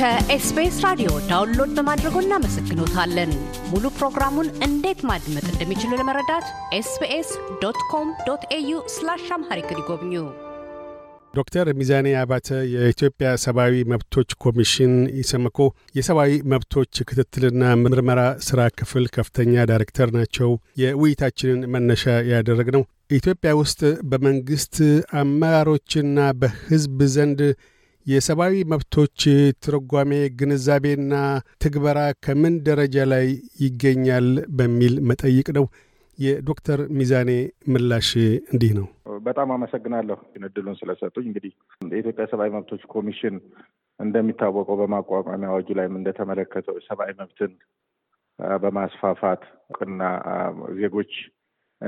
ከኤስቢኤስ ራዲዮ ዳውንሎድ በማድረጎ እናመሰግኖታለን። ሙሉ ፕሮግራሙን እንዴት ማድመጥ እንደሚችሉ ለመረዳት ኤስቢኤስ ዶት ኮም ዶት ኤዩ ስላሽ አምሃሪክ ይጎብኙ። ዶክተር ሚዛኔ አባተ የኢትዮጵያ ሰብአዊ መብቶች ኮሚሽን ኢሰመኮ የሰብአዊ መብቶች ክትትልና ምርመራ ስራ ክፍል ከፍተኛ ዳይሬክተር ናቸው። የውይይታችንን መነሻ ያደረግነው ኢትዮጵያ ውስጥ በመንግስት አመራሮችና በህዝብ ዘንድ የሰብአዊ መብቶች ትርጓሜ ግንዛቤና ትግበራ ከምን ደረጃ ላይ ይገኛል በሚል መጠይቅ ነው። የዶክተር ሚዛኔ ምላሽ እንዲህ ነው። በጣም አመሰግናለሁ እድሉን ስለሰጡኝ። እንግዲህ የኢትዮጵያ ሰብአዊ መብቶች ኮሚሽን እንደሚታወቀው በማቋቋሚያ አዋጁ ላይም እንደተመለከተው ሰብአዊ መብትን በማስፋፋት እና ዜጎች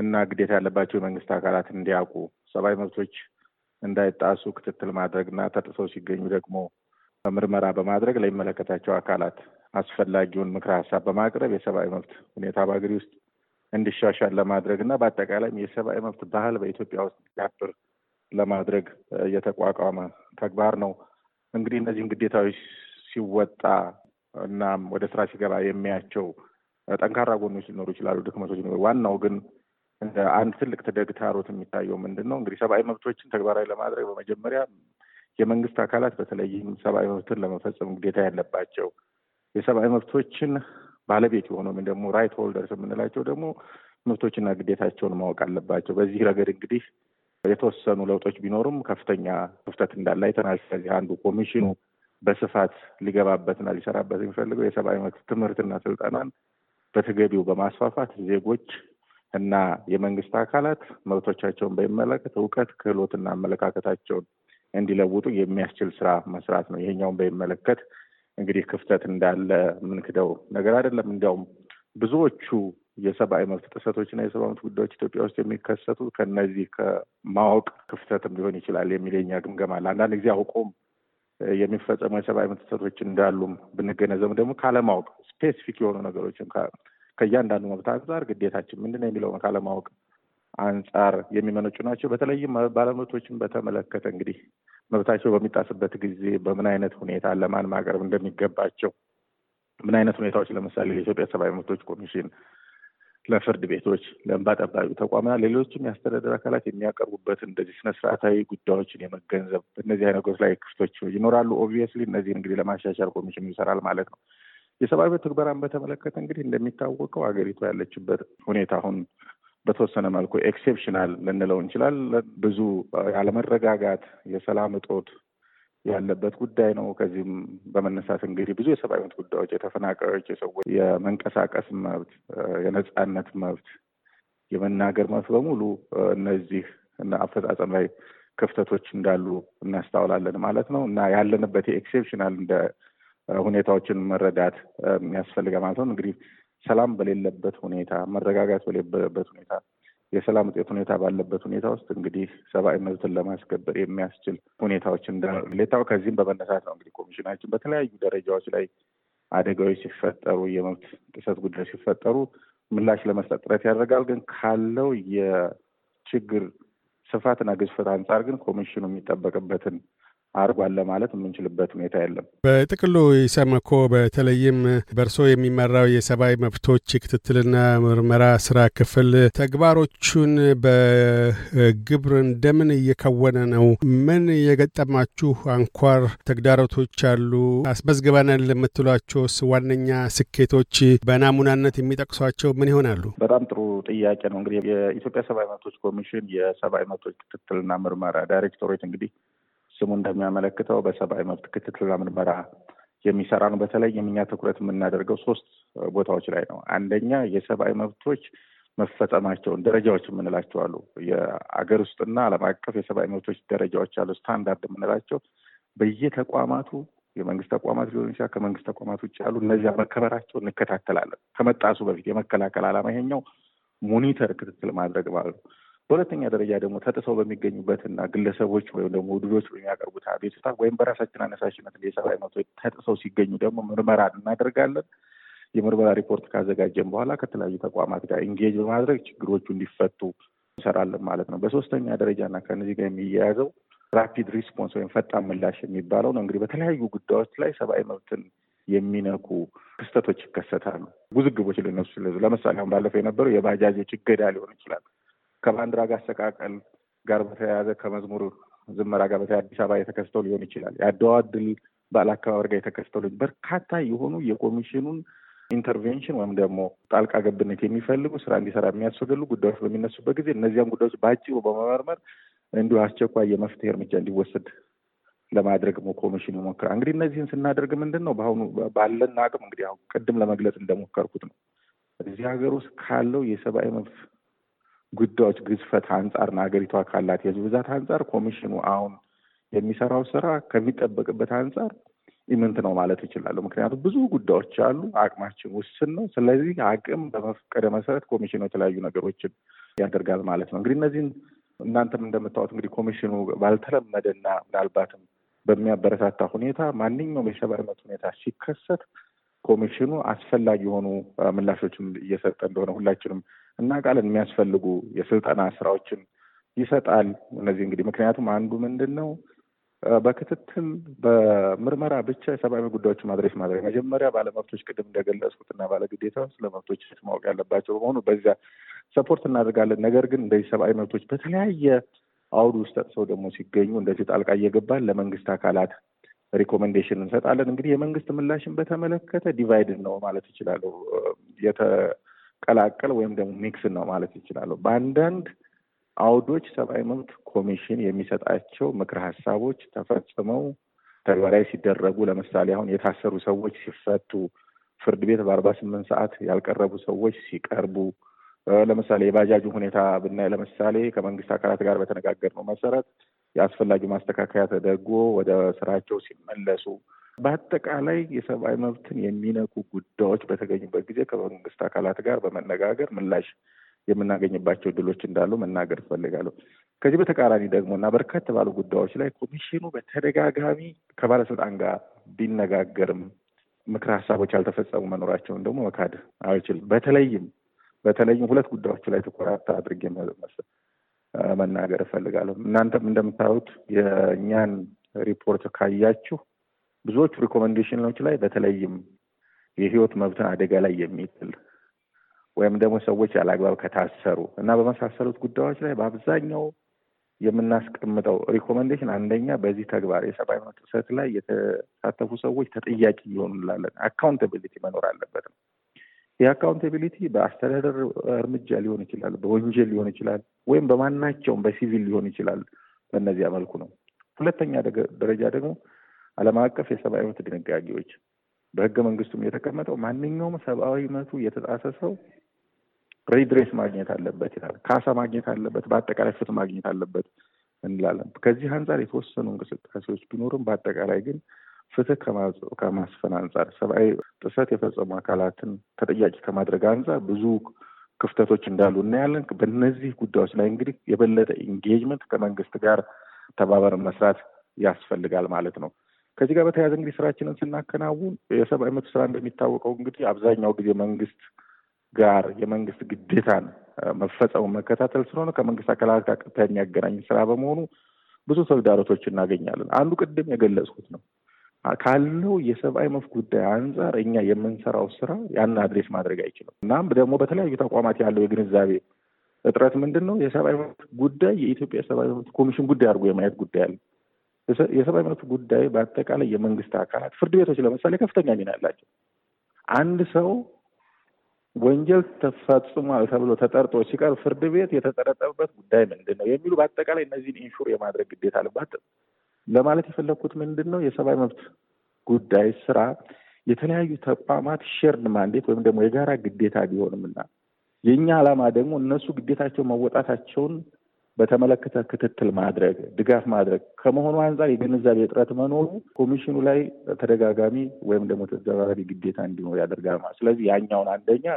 እና ግዴታ ያለባቸው የመንግስት አካላት እንዲያውቁ ሰብአዊ መብቶች እንዳይጣሱ ክትትል ማድረግና ተጥሰው ሲገኙ ደግሞ ምርመራ በማድረግ ለሚመለከታቸው አካላት አስፈላጊውን ምክረ ሀሳብ በማቅረብ የሰብአዊ መብት ሁኔታ በአገሪ ውስጥ እንዲሻሻል ለማድረግ እና በአጠቃላይም የሰብአዊ መብት ባህል በኢትዮጵያ ውስጥ እንዲዳብር ለማድረግ የተቋቋመ ተግባር ነው። እንግዲህ እነዚህም ግዴታዎች ሲወጣ እናም ወደ ስራ ሲገባ የሚያቸው ጠንካራ ጎኖች ሊኖሩ ይችላሉ፣ ድክመቶች ሊኖሩ ዋናው ግን እንደ አንድ ትልቅ ተግዳሮት የሚታየው ምንድን ነው? እንግዲህ ሰብአዊ መብቶችን ተግባራዊ ለማድረግ በመጀመሪያ የመንግስት አካላት በተለይም ሰብአዊ መብትን ለመፈጸም ግዴታ ያለባቸው የሰብአዊ መብቶችን ባለቤት የሆነ ወይም ደግሞ ራይት ሆልደርስ የምንላቸው ደግሞ መብቶችና ግዴታቸውን ማወቅ አለባቸው። በዚህ ረገድ እንግዲህ የተወሰኑ ለውጦች ቢኖሩም ከፍተኛ ክፍተት እንዳለ አይተናል። ስለዚህ አንዱ ኮሚሽኑ በስፋት ሊገባበትና ሊሰራበት የሚፈልገው የሰብአዊ መብት ትምህርትና ስልጠናን በተገቢው በማስፋፋት ዜጎች እና የመንግስት አካላት መብቶቻቸውን በሚመለከት እውቀት ክህሎትና አመለካከታቸውን እንዲለውጡ የሚያስችል ስራ መስራት ነው። ይሄኛውን በሚመለከት እንግዲህ ክፍተት እንዳለ ምንክደው ነገር አይደለም። እንዲያውም ብዙዎቹ የሰብአዊ መብት ጥሰቶችና የሰብአዊ መብት ጉዳዮች ኢትዮጵያ ውስጥ የሚከሰቱ ከነዚህ ከማወቅ ክፍተትም ሊሆን ይችላል የሚል የኛ ግምገማ አለ። አንዳንድ ጊዜ አውቆም የሚፈጸሙ የሰብአዊ መብት ጥሰቶች እንዳሉም ብንገነዘብ ደግሞ ካለማወቅ ስፔሲፊክ የሆኑ ነገሮችን ከእያንዳንዱ መብት አንጻር ግዴታችን ምንድን ነው የሚለው ካለማወቅ አንጻር የሚመነጩ ናቸው። በተለይም ባለመብቶችን በተመለከተ እንግዲህ መብታቸው በሚጣስበት ጊዜ በምን አይነት ሁኔታ ለማን ማቅረብ እንደሚገባቸው ምን አይነት ሁኔታዎች ለምሳሌ የኢትዮጵያ ሰብአዊ መብቶች ኮሚሽን ለፍርድ ቤቶች፣ ለእንባ ጠባቂ ተቋምና ሌሎችም የአስተዳደር አካላት የሚያቀርቡበት እንደዚህ ስነስርዓታዊ ጉዳዮችን የመገንዘብ በእነዚህ ነገሮች ላይ ክፍቶች ይኖራሉ። ኦብቪየስሊ እነዚህን እንግዲህ ለማሻሻል ኮሚሽኑ ይሰራል ማለት ነው። የሰብአዊ መብት ትግበራን በተመለከተ እንግዲህ እንደሚታወቀው ሀገሪቱ ያለችበት ሁኔታ አሁን በተወሰነ መልኩ ኤክሴፕሽናል ልንለው እንችላለን። ብዙ ያለመረጋጋት፣ የሰላም እጦት ያለበት ጉዳይ ነው። ከዚህም በመነሳት እንግዲህ ብዙ የሰብአዊ መብት ጉዳዮች የተፈናቃዮች፣ የሰዎች የመንቀሳቀስ መብት፣ የነጻነት መብት፣ የመናገር መብት በሙሉ እነዚህ እና አፈጻጸም ላይ ክፍተቶች እንዳሉ እናስተውላለን ማለት ነው እና ያለንበት የኤክሴፕሽናል እንደ ሁኔታዎችን መረዳት የሚያስፈልገ ማለት ነው። እንግዲህ ሰላም በሌለበት ሁኔታ፣ መረጋጋት በሌለበት ሁኔታ፣ የሰላም ውጤት ሁኔታ ባለበት ሁኔታ ውስጥ እንግዲህ ሰብአዊ መብትን ለማስከበር የሚያስችል ሁኔታዎች እንደሌታው ከዚህም በመነሳት ነው እንግዲህ ኮሚሽናችን በተለያዩ ደረጃዎች ላይ አደጋዎች ሲፈጠሩ፣ የመብት ጥሰት ጉዳዮች ሲፈጠሩ ምላሽ ለመስጠት ጥረት ያደርጋል። ግን ካለው የችግር ስፋትና ግዝፈት አንጻር ግን ኮሚሽኑ የሚጠበቅበትን አድርጓል ለማለት የምንችልበት ሁኔታ የለም። በጥቅሉ ኢሰመኮ በተለይም በርሶ የሚመራው የሰብአዊ መብቶች ክትትልና ምርመራ ስራ ክፍል ተግባሮቹን በግብር እንደምን እየከወነ ነው? ምን የገጠማችሁ አንኳር ተግዳሮቶች አሉ? አስመዝግበናል የምትሏቸውስ ዋነኛ ስኬቶች በናሙናነት የሚጠቅሷቸው ምን ይሆናሉ? በጣም ጥሩ ጥያቄ ነው። እንግዲህ የኢትዮጵያ ሰብአዊ መብቶች ኮሚሽን የሰብአዊ መብቶች ክትትልና ምርመራ ዳይሬክቶሬት እንግዲህ ስሙ እንደሚያመለክተው በሰብአዊ መብት ክትትልና ምርመራ የሚሰራ ነው። በተለይም እኛ ትኩረት የምናደርገው ሶስት ቦታዎች ላይ ነው። አንደኛ የሰብአዊ መብቶች መፈጸማቸውን ደረጃዎች የምንላቸው አሉ። የአገር ውስጥና ዓለም አቀፍ የሰብአዊ መብቶች ደረጃዎች አሉ። ስታንዳርድ የምንላቸው በየተቋማቱ የመንግስት ተቋማት ሊሆን ይችላል። ከመንግስት ተቋማት ውጭ ያሉ እነዚያ መከበራቸው እንከታተላለን። ከመጣሱ በፊት የመከላከል ዓላማ ይሄኛው ሞኒተር ክትትል ማድረግ ማለት ነው። በሁለተኛ ደረጃ ደግሞ ተጥሰው በሚገኙበትና ግለሰቦች ወይም ደግሞ ውድዶች በሚያቀርቡት አቤቱታ ወይም በራሳችን አነሳሽነት የሰብአዊ መብቶች ተጥሰው ሲገኙ ደግሞ ምርመራ እናደርጋለን። የምርመራ ሪፖርት ካዘጋጀን በኋላ ከተለያዩ ተቋማት ጋር ኢንጌጅ በማድረግ ችግሮቹ እንዲፈቱ እንሰራለን ማለት ነው። በሶስተኛ ደረጃና ከነዚህ ጋር የሚያያዘው ራፒድ ሪስፖንስ ወይም ፈጣን ምላሽ የሚባለው ነው። እንግዲህ በተለያዩ ጉዳዮች ላይ ሰብአዊ መብትን የሚነኩ ክስተቶች ይከሰታሉ፣ ውዝግቦች ልነሱ ስለዚህ ለምሳሌ አሁን ባለፈው የነበረው የባጃጆች እገዳ ሊሆን ይችላል። ከባንዲራ ጋር አሰቃቀል ጋር በተያያዘ ከመዝሙር ዝመራ ጋር በተያ አዲስ አበባ የተከስተው ሊሆን ይችላል። የአድዋ ድል በዓል አከባበር ጋር የተከስተው በርካታ የሆኑ የኮሚሽኑን ኢንተርቬንሽን ወይም ደግሞ ጣልቃ ገብነት የሚፈልጉ ስራ እንዲሰራ የሚያስፈልጉ ጉዳዮች በሚነሱበት ጊዜ እነዚያም ጉዳዮች በአጭሩ በመመርመር እንዲሁ አስቸኳይ የመፍትሄ እርምጃ እንዲወሰድ ለማድረግ ኮሚሽኑ ይሞክራል። እንግዲህ እነዚህን ስናደርግ ምንድን ነው በአሁኑ ባለን አቅም እንግዲህ ቅድም ለመግለጽ እንደሞከርኩት ነው እዚህ ሀገር ውስጥ ካለው የሰብአዊ መብት ጉዳዮች ግዝፈት አንጻርና ሀገሪቷ ካላት የህዝብ ብዛት አንጻር ኮሚሽኑ አሁን የሚሰራው ስራ ከሚጠበቅበት አንጻር ኢምንት ነው ማለት ይችላሉ። ምክንያቱም ብዙ ጉዳዮች አሉ፣ አቅማችን ውስን ነው። ስለዚህ አቅም በመፍቀደ መሰረት ኮሚሽኑ የተለያዩ ነገሮችን ያደርጋል ማለት ነው። እንግዲህ እነዚህን እናንተም እንደምታወት እንግዲህ ኮሚሽኑ ባልተለመደና ምናልባትም በሚያበረታታ ሁኔታ ማንኛውም የሰብአዊ መብት ሁኔታ ሲከሰት ኮሚሽኑ አስፈላጊ የሆኑ ምላሾችን እየሰጠ እንደሆነ ሁላችንም እናውቃለን። የሚያስፈልጉ የስልጠና ስራዎችን ይሰጣል። እነዚህ እንግዲህ ምክንያቱም አንዱ ምንድን ነው በክትትል በምርመራ ብቻ የሰብአዊ ጉዳዮች ማድረስ ማድረግ መጀመሪያ ባለመብቶች ቅድም እንደገለጽኩት እና ባለግዴታ ስለ መብቶች ማወቅ ያለባቸው በመሆኑ በዚያ ሰፖርት እናደርጋለን። ነገር ግን እንደዚህ ሰብአዊ መብቶች በተለያየ አውድ ውስጥ ተጥሰው ደግሞ ሲገኙ እንደዚህ ጣልቃ እየገባን ለመንግስት አካላት ሪኮሜንዴሽን እንሰጣለን። እንግዲህ የመንግስት ምላሽን በተመለከተ ዲቫይድን ነው ማለት ይችላሉ፣ የተቀላቀል ወይም ደግሞ ሚክስን ነው ማለት ይችላሉ። በአንዳንድ አውዶች ሰብአዊ መብት ኮሚሽን የሚሰጣቸው ምክር ሀሳቦች ተፈጽመው ተግባራዊ ሲደረጉ፣ ለምሳሌ አሁን የታሰሩ ሰዎች ሲፈቱ፣ ፍርድ ቤት በአርባ ስምንት ሰዓት ያልቀረቡ ሰዎች ሲቀርቡ፣ ለምሳሌ የባጃጁ ሁኔታ ብናይ፣ ለምሳሌ ከመንግስት አካላት ጋር በተነጋገርነው መሰረት የአስፈላጊ ማስተካከያ ተደርጎ ወደ ስራቸው ሲመለሱ በአጠቃላይ የሰብአዊ መብትን የሚነኩ ጉዳዮች በተገኙበት ጊዜ ከመንግስት አካላት ጋር በመነጋገር ምላሽ የምናገኝባቸው ድሎች እንዳሉ መናገር እፈልጋለሁ። ከዚህ በተቃራኒ ደግሞ እና በርከት ባሉ ጉዳዮች ላይ ኮሚሽኑ በተደጋጋሚ ከባለስልጣን ጋር ቢነጋገርም ምክር ሀሳቦች ያልተፈጸሙ መኖራቸውን ደግሞ መካድ አይችልም። በተለይም በተለይም ሁለት ጉዳዮች ላይ ትኩረት አድርጌ መናገር እፈልጋለሁ። እናንተም እንደምታዩት የእኛን ሪፖርት ካያችሁ ብዙዎቹ ሪኮመንዴሽኖች ላይ በተለይም የህይወት መብትን አደጋ ላይ የሚጥል ወይም ደግሞ ሰዎች ያለአግባብ ከታሰሩ እና በመሳሰሉት ጉዳዮች ላይ በአብዛኛው የምናስቀምጠው ሪኮመንዴሽን አንደኛ በዚህ ተግባር የሰብአዊ መብት ጥሰት ላይ የተሳተፉ ሰዎች ተጠያቂ ይሆኑ እንላለን። አካውንታቢሊቲ መኖር አለበት ነው። ይህ በአስተዳደር እርምጃ ሊሆን ይችላል፣ በወንጀል ሊሆን ይችላል፣ ወይም በማናቸውም በሲቪል ሊሆን ይችላል። በእነዚያ መልኩ ነው። ሁለተኛ ደረጃ ደግሞ ዓለም አቀፍ የሰብአዊ መብት ድንጋጌዎች በህገ መንግስቱም የተቀመጠው ማንኛውም ሰብአዊ መብቱ የተጣሰ ሰው ሬድሬስ ማግኘት አለበት ይላል። ካሳ ማግኘት አለበት፣ በአጠቃላይ ፍትህ ማግኘት አለበት እንላለን። ከዚህ አንጻር የተወሰኑ እንቅስቃሴዎች ቢኖርም በአጠቃላይ ግን ፍትህ ከማስፈን አንጻር ሰብአዊ ጥሰት የፈጸሙ አካላትን ተጠያቂ ከማድረግ አንጻር ብዙ ክፍተቶች እንዳሉ እናያለን። በእነዚህ ጉዳዮች ላይ እንግዲህ የበለጠ ኢንጌጅመንት ከመንግስት ጋር ተባበር መስራት ያስፈልጋል ማለት ነው። ከዚህ ጋር በተያያዘ እንግዲህ ስራችንን ስናከናውን የሰብአዊ መብት ስራ እንደሚታወቀው እንግዲህ አብዛኛው ጊዜ መንግስት ጋር የመንግስት ግዴታን መፈጸሙን መከታተል ስለሆነ ከመንግስት አካላት ጋር ቀጥታ የሚያገናኝ ስራ በመሆኑ ብዙ ተግዳሮቶች እናገኛለን። አንዱ ቅድም የገለጽኩት ነው። ካለው የሰብአዊ መብት ጉዳይ አንጻር እኛ የምንሰራው ስራ ያን አድሬስ ማድረግ አይችልም። እናም ደግሞ በተለያዩ ተቋማት ያለው የግንዛቤ እጥረት ምንድን ነው? የሰብአዊ መብት ጉዳይ የኢትዮጵያ ሰብአዊ መብት ኮሚሽን ጉዳይ አድርጎ የማየት ጉዳይ አለ። የሰብአዊ መብት ጉዳይ በአጠቃላይ የመንግስት አካላት ፍርድ ቤቶች ለምሳሌ ከፍተኛ ሚና ያላቸው አንድ ሰው ወንጀል ተፈጽሟል ተብሎ ተጠርጦ ሲቀርብ ፍርድ ቤት የተጠረጠረበት ጉዳይ ምንድን ነው የሚሉ በአጠቃላይ እነዚህን ኢንሹር የማድረግ ግዴታ አለባት። ለማለት የፈለግኩት ምንድን ነው የሰብአዊ መብት ጉዳይ ስራ የተለያዩ ተቋማት ሼርድ ማንዴት ወይም ደግሞ የጋራ ግዴታ ቢሆንምና የእኛ ዓላማ ደግሞ እነሱ ግዴታቸው መወጣታቸውን በተመለከተ ክትትል ማድረግ፣ ድጋፍ ማድረግ ከመሆኑ አንጻር የግንዛቤ እጥረት መኖሩ ኮሚሽኑ ላይ ተደጋጋሚ ወይም ደግሞ ተዘባራቢ ግዴታ እንዲኖር ያደርጋል ማለት ስለዚህ ያኛውን አንደኛ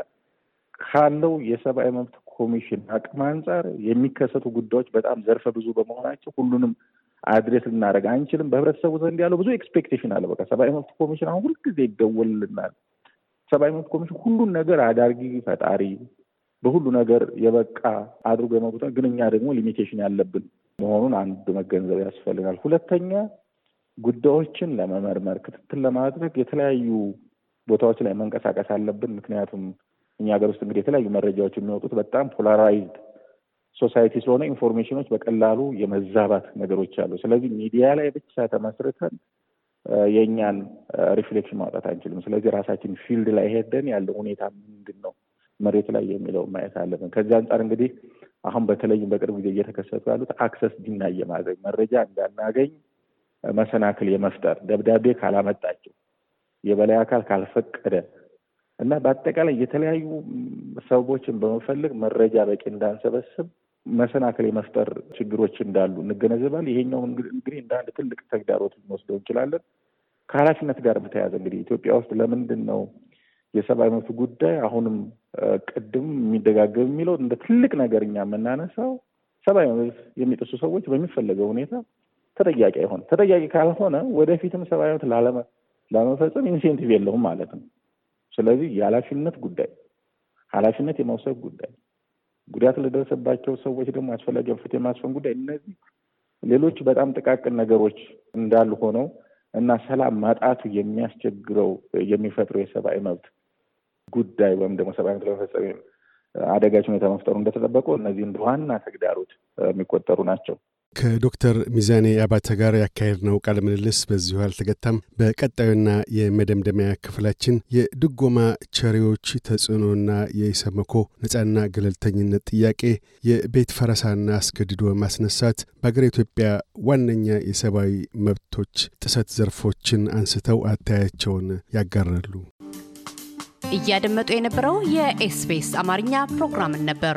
ካለው የሰብአዊ መብት ኮሚሽን አቅም አንጻር የሚከሰቱ ጉዳዮች በጣም ዘርፈ ብዙ በመሆናቸው ሁሉንም አድሬስ ልናደረግ አንችልም። በህብረተሰቡ ዘንድ ያለው ብዙ ኤክስፔክቴሽን አለ። በቃ ሰብአዊ መብት ኮሚሽን አሁን ሁልጊዜ ይደወልልናል። ሰብአዊ መብት ኮሚሽን ሁሉን ነገር አዳርጊ ፈጣሪ በሁሉ ነገር የበቃ አድርጎ የመቁጠር ግን እኛ ደግሞ ሊሚቴሽን ያለብን መሆኑን አንድ መገንዘብ ያስፈልጋል። ሁለተኛ ጉዳዮችን ለመመርመር ክትትል ለማድረግ የተለያዩ ቦታዎች ላይ መንቀሳቀስ አለብን። ምክንያቱም እኛ ሀገር ውስጥ እንግዲህ የተለያዩ መረጃዎች የሚወጡት በጣም ፖላራይዝድ ሶሳይቲ ስለሆነ ኢንፎርሜሽኖች በቀላሉ የመዛባት ነገሮች አሉ። ስለዚህ ሚዲያ ላይ ብቻ ተመስርተን የእኛን ሪፍሌክሽን ማውጣት አንችልም። ስለዚህ ራሳችን ፊልድ ላይ ሄደን ያለው ሁኔታ ምንድን ነው መሬት ላይ የሚለው ማየት አለብን። ከዚህ አንጻር እንግዲህ አሁን በተለይም በቅርብ ጊዜ እየተከሰቱ ያሉት አክሰስ ዲናይ የማድረግ መረጃ እንዳናገኝ መሰናክል የመፍጠር ደብዳቤ ካላመጣቸው የበላይ አካል ካልፈቀደ እና በአጠቃላይ የተለያዩ ሰዎችን በመፈለግ መረጃ በቂ እንዳንሰበስብ መሰናክል የመፍጠር ችግሮች እንዳሉ እንገነዘባል። ይሄኛው እንግዲህ እንደ አንድ ትልቅ ተግዳሮት ልንወስደው እንችላለን። ከኃላፊነት ጋር በተያያዘ እንግዲህ ኢትዮጵያ ውስጥ ለምንድን ነው የሰብአዊ መብት ጉዳይ አሁንም ቅድም የሚደጋገብ የሚለው እንደ ትልቅ ነገር እኛ የምናነሳው ሰብአዊ መብት የሚጥሱ ሰዎች በሚፈለገው ሁኔታ ተጠያቂ አይሆንም። ተጠያቂ ካልሆነ ወደፊትም ሰብአዊ መብት ላለመፈጸም ኢንሴንቲቭ የለውም ማለት ነው። ስለዚህ የኃላፊነት ጉዳይ ኃላፊነት የመውሰድ ጉዳይ ጉዳት ለደረሰባቸው ሰዎች ደግሞ አስፈላጊውን ፍትህ የማስፈን ጉዳይ እነዚህ ሌሎች በጣም ጥቃቅን ነገሮች እንዳሉ ሆነው እና ሰላም ማጣቱ የሚያስቸግረው የሚፈጥረው የሰብአዊ መብት ጉዳይ ወይም ደግሞ ሰብአዊ መብት ለመፈጸም አደጋች ሁኔታ መፍጠሩ እንደተጠበቀው እነዚህ እንደ ዋና ተግዳሮት የሚቆጠሩ ናቸው። ከዶክተር ሚዛኔ አባተ ጋር ያካሄድነው ቃለ ምልልስ በዚሁ አልተገታም። በቀጣዩና የመደምደሚያ ክፍላችን የድጎማ ቸሪዎች ተጽዕኖና የኢሰመኮ ነጻና ገለልተኝነት ጥያቄ፣ የቤት ፈረሳና አስገድዶ ማስነሳት በአገር ኢትዮጵያ ዋነኛ የሰብአዊ መብቶች ጥሰት ዘርፎችን አንስተው አታያቸውን ያጋራሉ። እያደመጡ የነበረው የኤስፔስ አማርኛ ፕሮግራምን ነበር።